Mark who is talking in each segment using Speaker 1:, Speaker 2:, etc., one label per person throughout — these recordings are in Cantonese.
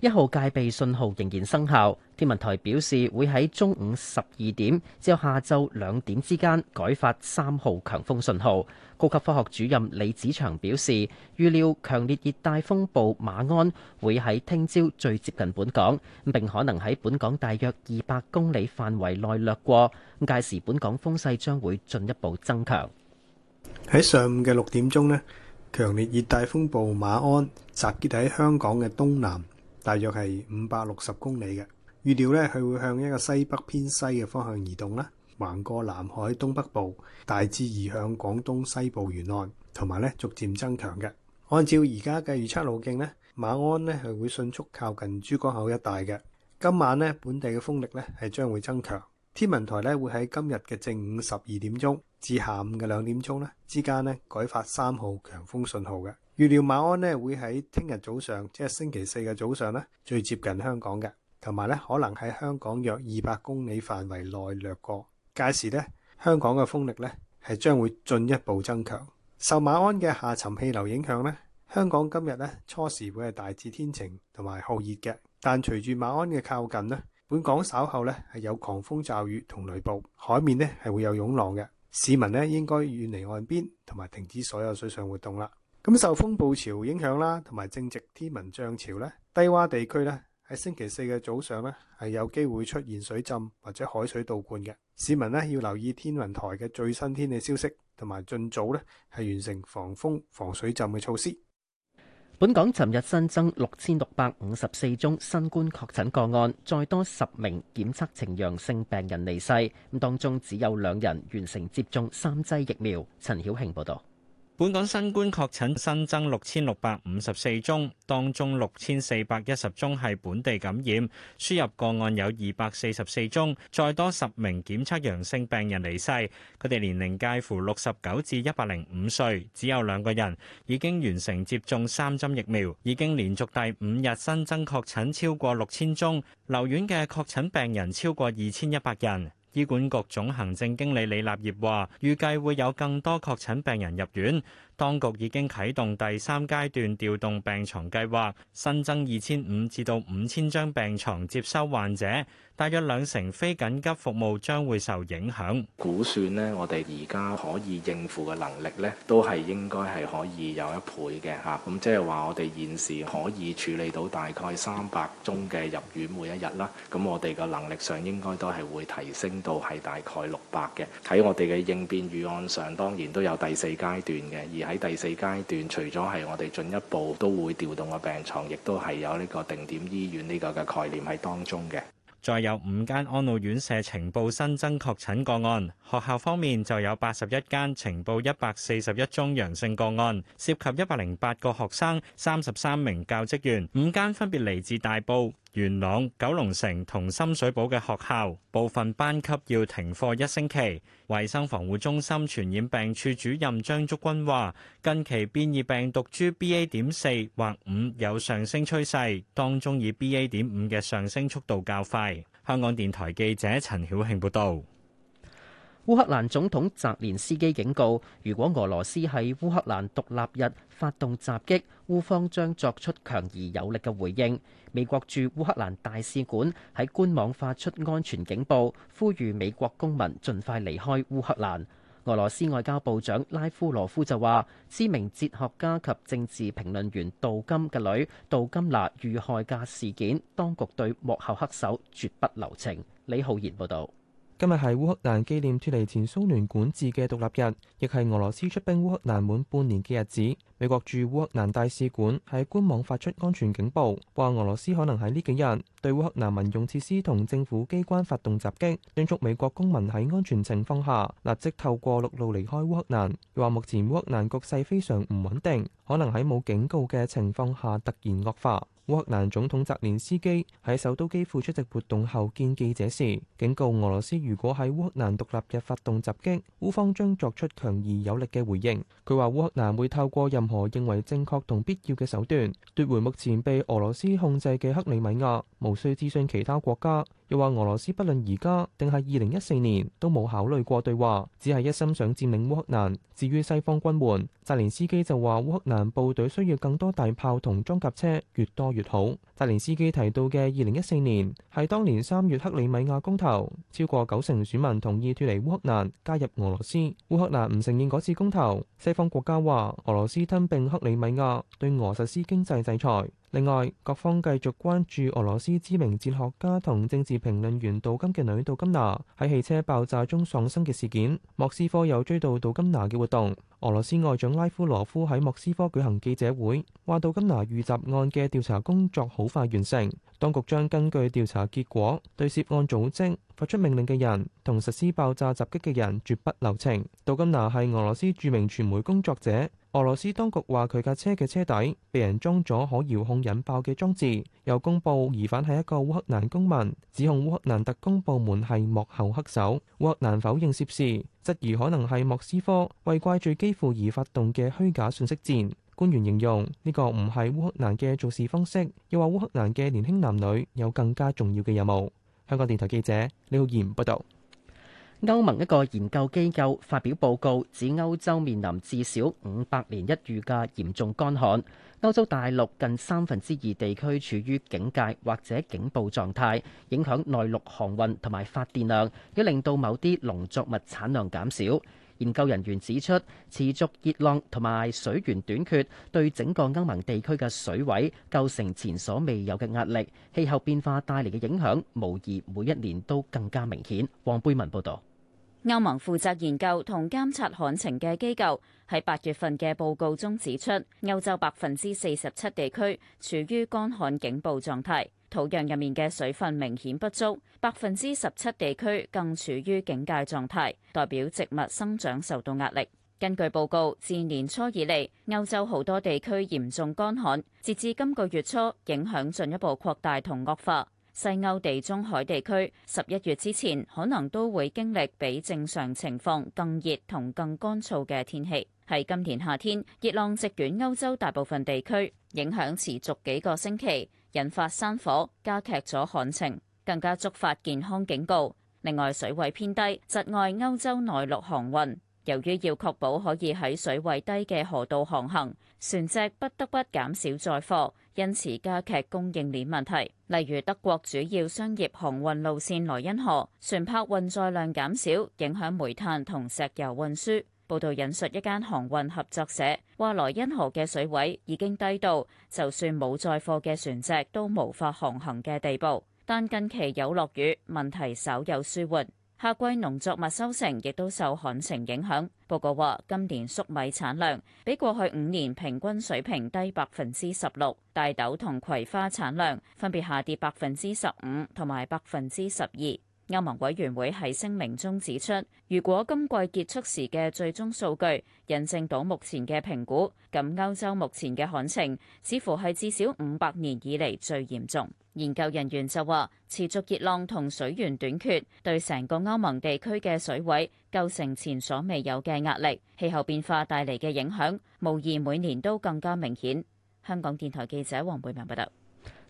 Speaker 1: 一號戒備信號仍然生效。天文台表示會喺中午十二點至下晝兩點之間改發三號強風信號。高級科學主任李子祥表示，預料強烈熱帶風暴馬鞍會喺聽朝最接近本港，並可能喺本港大約二百公里範圍內掠過，屆時本港風勢將會進一步增強。
Speaker 2: 喺上午嘅六點鐘呢，強烈熱帶風暴馬鞍集結喺香港嘅東南。大約係五百六十公里嘅預料咧，佢會向一個西北偏西嘅方向移動啦，橫過南海東北部，大致移向廣東西部沿岸，同埋咧逐漸增強嘅。按照而家嘅預測路徑咧，馬鞍咧係會迅速靠近珠江口一帶嘅。今晚咧本地嘅風力咧係將會增強，天文台咧會喺今日嘅正午十二點鐘至下午嘅兩點鐘咧之間咧改發三號強風信號嘅。預料馬鞍咧會喺聽日早上，即係星期四嘅早上咧，最接近香港嘅，同埋咧可能喺香港約二百公里範圍內掠過。屆時咧，香港嘅風力咧係將會進一步增強。受馬鞍嘅下沉氣流影響咧，香港今日咧初時會係大致天晴同埋酷熱嘅，但隨住馬鞍嘅靠近咧，本港稍後咧係有狂風驟雨同雷暴，海面咧係會有湧浪嘅。市民咧應該遠離岸邊，同埋停止所有水上活動啦。咁受風暴潮影響啦，同埋正值天文漲潮呢，低洼地區呢，喺星期四嘅早上呢，係有機會出現水浸或者海水倒灌嘅。市民呢，要留意天文台嘅最新天氣消息，同埋盡早呢，係完成防風防水浸嘅措施。
Speaker 1: 本港尋日新增六千六百五十四宗新冠確診個案，再多十名檢測呈陽性病人離世，咁當中只有兩人完成接種三劑疫苗。陳曉慶報道。本港新冠確診新增
Speaker 3: 六千六百五十四宗，當中六千四百一十宗係本地感染，輸入個案有二百四十四宗，再多十名檢測陽性病人離世。佢哋年齡介乎六十九至一百零五歲，只有兩個人已經完成接種三針疫苗。已經連續第五日新增確診超過六千宗，留院嘅確診病人超過二千一百人。醫管局總行政經理李立業話，預計會有更多確診病人入院。當局已經啟動第三階段調動病床計劃，新增二千五至到五千張病床接收患者，大約兩成非緊急服務將會受影響。估算呢，我哋而家可以應付嘅能力呢，都係應該係可以有一倍嘅吓。咁即係話我哋現時可以處理到大概三百宗嘅入院每一日啦。咁我哋嘅能力上應該都係會提升到係大概六百嘅。喺我哋嘅應變預案上，當然都有第四階段嘅。喺第四階段，除咗係我哋進一步都會調動嘅病床，亦都係有呢個定點醫院呢個嘅概念喺當中嘅。再有五間安老院舍，呈報新增確診個案。學校方面就有八十一間呈報一百四十一宗陽性個案，涉及一百零八個學生、三十三名教職員，五間分別嚟自大埔、元朗、九龍城同深水埗嘅學校，部分班級要停課一星期。衛生防護中心傳染病處主任張竹君話：近期變異病毒株 BA 點四或五有上升趨勢，當中以 BA 點五嘅上升
Speaker 1: 速度較快。香港電台記者陳曉慶報導。烏克蘭總統澤連斯基警告：如果俄羅斯喺烏克蘭獨立日發動襲擊，烏方將作出強而有力嘅回應。美國駐烏克蘭大使館喺官網發出安全警報，呼籲美國公民盡快離開烏克蘭。俄羅斯外交部長拉夫羅夫就話知名哲學家及政治評論員杜金嘅女杜金娜遇害㗎事件，當局對幕後黑手絕不留情。李浩然報道。
Speaker 4: 今日係烏克蘭紀念脫離前蘇聯管治嘅獨立日，亦係俄羅斯出兵烏克蘭滿半年嘅日子。美國駐烏克蘭大使館喺官網發出安全警報，話俄羅斯可能喺呢幾日對烏克蘭民用設施同政府機關發動襲擊，敦促美國公民喺安全情況下立即透過陸路離開烏克蘭。話目前烏克蘭局勢非常唔穩定，可能喺冇警告嘅情況下突然惡化。烏克蘭總統澤連斯基喺首都基輔出席活動後見記者時，警告俄羅斯如果喺烏克蘭獨立日發動襲擊，烏方將作出強而有力嘅回應。佢話烏克蘭會透過任何認為正確同必要嘅手段奪回目前被俄羅斯控制嘅克里米亞，無需諮詢其他國家。又話俄羅斯不論而家定係二零一四年都冇考慮過對話，只係一心想佔領烏克蘭。至於西方軍援，澤連斯基就話烏克蘭部隊需要更多大炮同裝甲車，越多越好。澤連斯基提到嘅二零一四年係當年三月克里米亞公投，超過九成選民同意脫離烏克蘭加入俄羅斯。烏克蘭唔承認嗰次公投，西方國家話俄羅斯吞並克里米亞，對俄實施經濟制裁。另外，各方繼續關注俄羅斯知名哲學家同政治評論員杜金嘅女杜金娜喺汽車爆炸中喪生嘅事件。莫斯科有追悼杜金娜嘅活動，俄羅斯外長拉夫羅夫喺莫斯科舉行記者會，話杜金娜遇襲案嘅調查工作好快完成，當局將根據調查結果對涉案組織發出命令嘅人同實施爆炸襲擊嘅人絕不留情。杜金娜係俄羅斯著名傳媒工作者。俄羅斯當局話佢架車嘅車底被人裝咗可遙控引爆嘅裝置，又公布疑犯係一個烏克蘭公民，指控烏克蘭特工部門係幕後黑手，烏克蘭否認涉事，質疑可能係莫斯科為怪罪基輔而發動嘅虛假信息戰。官員形容呢、這個唔係烏克蘭嘅做事方式，又話烏克蘭嘅年輕男女有更加重
Speaker 1: 要嘅任務。香港電台記者李浩然報道。歐盟一個研究機構發表報告，指歐洲面臨至少五百年一遇嘅嚴重乾旱。歐洲大陸近三分之二地區處於警戒或者警報狀態，影響內陸航運同埋發電量，亦令到某啲農作物產量減少。研究人員指出，持續熱浪同埋水源短缺對整個歐盟地區嘅水位構成前所未有嘅壓力。氣候變化帶嚟嘅影響，無疑每一年都更加明顯。黃貝文報導。
Speaker 5: 歐盟負責研究同監察旱情嘅機構喺八月份嘅報告中指出，歐洲百分之四十七地區處於乾旱警報狀態，土壤入面嘅水分明顯不足；百分之十七地區更處於警戒狀態，代表植物生長受到壓力。根據報告，自年初以嚟，歐洲好多地區嚴重乾旱，截至今個月初，影響進一步擴大同惡化。西歐地中海地區十一月之前，可能都會經歷比正常情況更熱同更乾燥嘅天氣，喺今年夏天，熱浪席捲歐洲大部分地區，影響持續幾個星期，引發山火，加劇咗旱情，更加觸發健康警告。另外，水位偏低，窒礙歐洲內陸航運，由於要確保可以喺水位低嘅河道航行，船隻不得不減少載貨。因此加劇供應鏈問題，例如德國主要商業航運路線萊茵河船舶運載量減少，影響煤炭同石油運輸。報道引述一間航運合作社話，萊茵河嘅水位已經低到就算冇載貨嘅船隻都無法航行嘅地步。但近期有落雨，問題稍有舒緩。夏季農作物收成亦都受旱情影響。報告話，今年粟米產量比過去五年平均水平低百分之十六，大豆同葵花產量分別下跌百分之十五同埋百分之十二。歐盟委員會喺聲明中指出，如果今季結束時嘅最終數據印證到目前嘅評估，咁歐洲目前嘅旱情似乎係至少五百年以嚟最嚴重。研究人員就話，持續熱浪同水源短缺對成個歐盟地區嘅水位構成前所未有嘅壓力。氣候變化帶嚟嘅影響，無疑每年都更加明顯。香港電台記者黃貝文報道。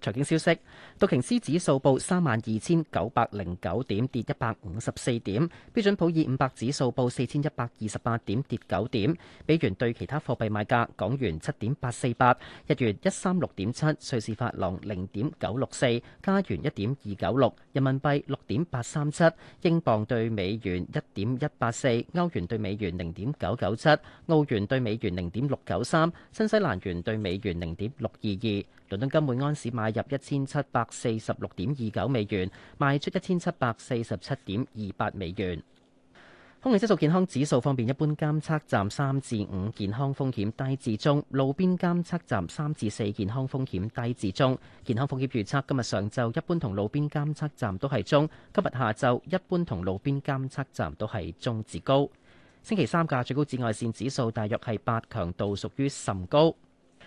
Speaker 1: 財經消息：道瓊斯指數報三萬二千九百零九點，跌一百五十四點；標準普爾五百指數報四千一百二十八點，跌九點。美元對其他貨幣賣價：港元七點八四八，日元一三六點七，瑞士法郎零點九六四，加元一點二九六，人民幣六點八三七，英鎊對美元一點一八四，歐元對美元零點九九七，澳元對美元零點六九三，新西蘭元對美元零點六二二。倫敦金每安士買入一千七百四十六點二九美元，賣出一千七百四十七點二八美元。空氣質素健康指數方面，一般監測站三至五健康風險低至中，路邊監測站三至四健康風險低至中。健康風險預測今日上晝一般同路邊監測站都係中，今日下晝一般同路邊監測站都係中至高。星期三嘅最高紫外線指數大約係八，強度屬於甚高。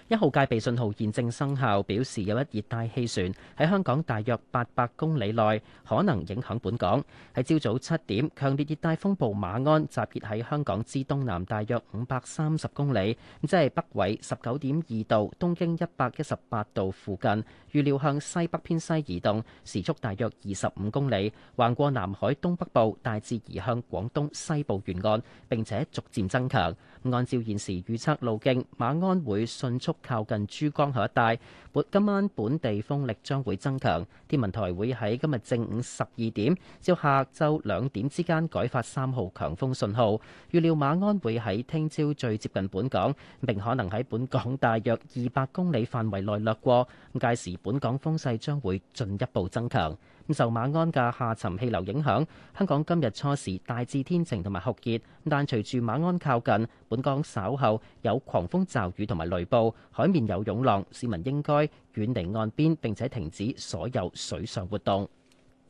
Speaker 1: 一號戒備信號現正生效，表示有一熱帶氣旋喺香港大約八百公里內可能影響本港。喺朝早七點，強烈熱帶風暴馬鞍集結喺香港之東南大約五百三十公里，即係北緯十九點二度、東經一百一十八度附近。預料向西北偏西移動，時速大約二十五公里，橫過南海東北部，大致移向廣東西部沿岸，並且逐漸增強。按照現時預測路徑，馬鞍會迅速。靠近珠江口一帶，本今晚本地風力將會增強，天文台會喺今日正午十二點至下晝兩點之間改發三號強風信號。預料馬鞍會喺聽朝最接近本港，並可能喺本港大約二百公里範圍內掠過，屆時本港風勢將會進一步增強。受馬鞍嘅下沉氣流影響，香港今日初時大致天晴同埋酷熱，但隨住馬鞍靠近，本港稍後有狂風驟雨同埋雷暴，海面有湧浪，市民應該遠離岸邊，並且停止所有水上活動。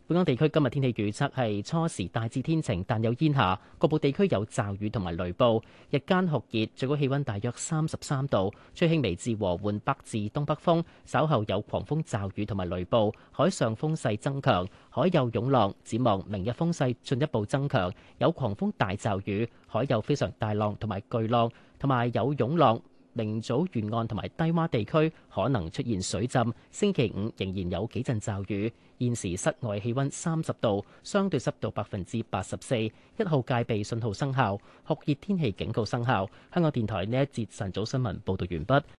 Speaker 1: 本港地區今日天氣預測係初時大致天晴，但有煙霞，局部地區有驟雨同埋雷暴。日間酷熱，最高氣温大約三十三度，吹輕微至和緩北至東北風。稍後有狂風驟雨同埋雷暴，海上風勢增強，海有湧浪。展望明日風勢進一步增強，有狂風大驟雨，海有非常大浪同埋巨浪，同埋有涌浪。明早沿岸同埋低窪地區可能出現水浸。星期五仍然有幾陣驟雨。現時室外氣溫三十度，相對濕度百分之八十四。一號戒備信號生效，酷熱天氣警告生效。香港電台呢一節晨早新聞報道完畢。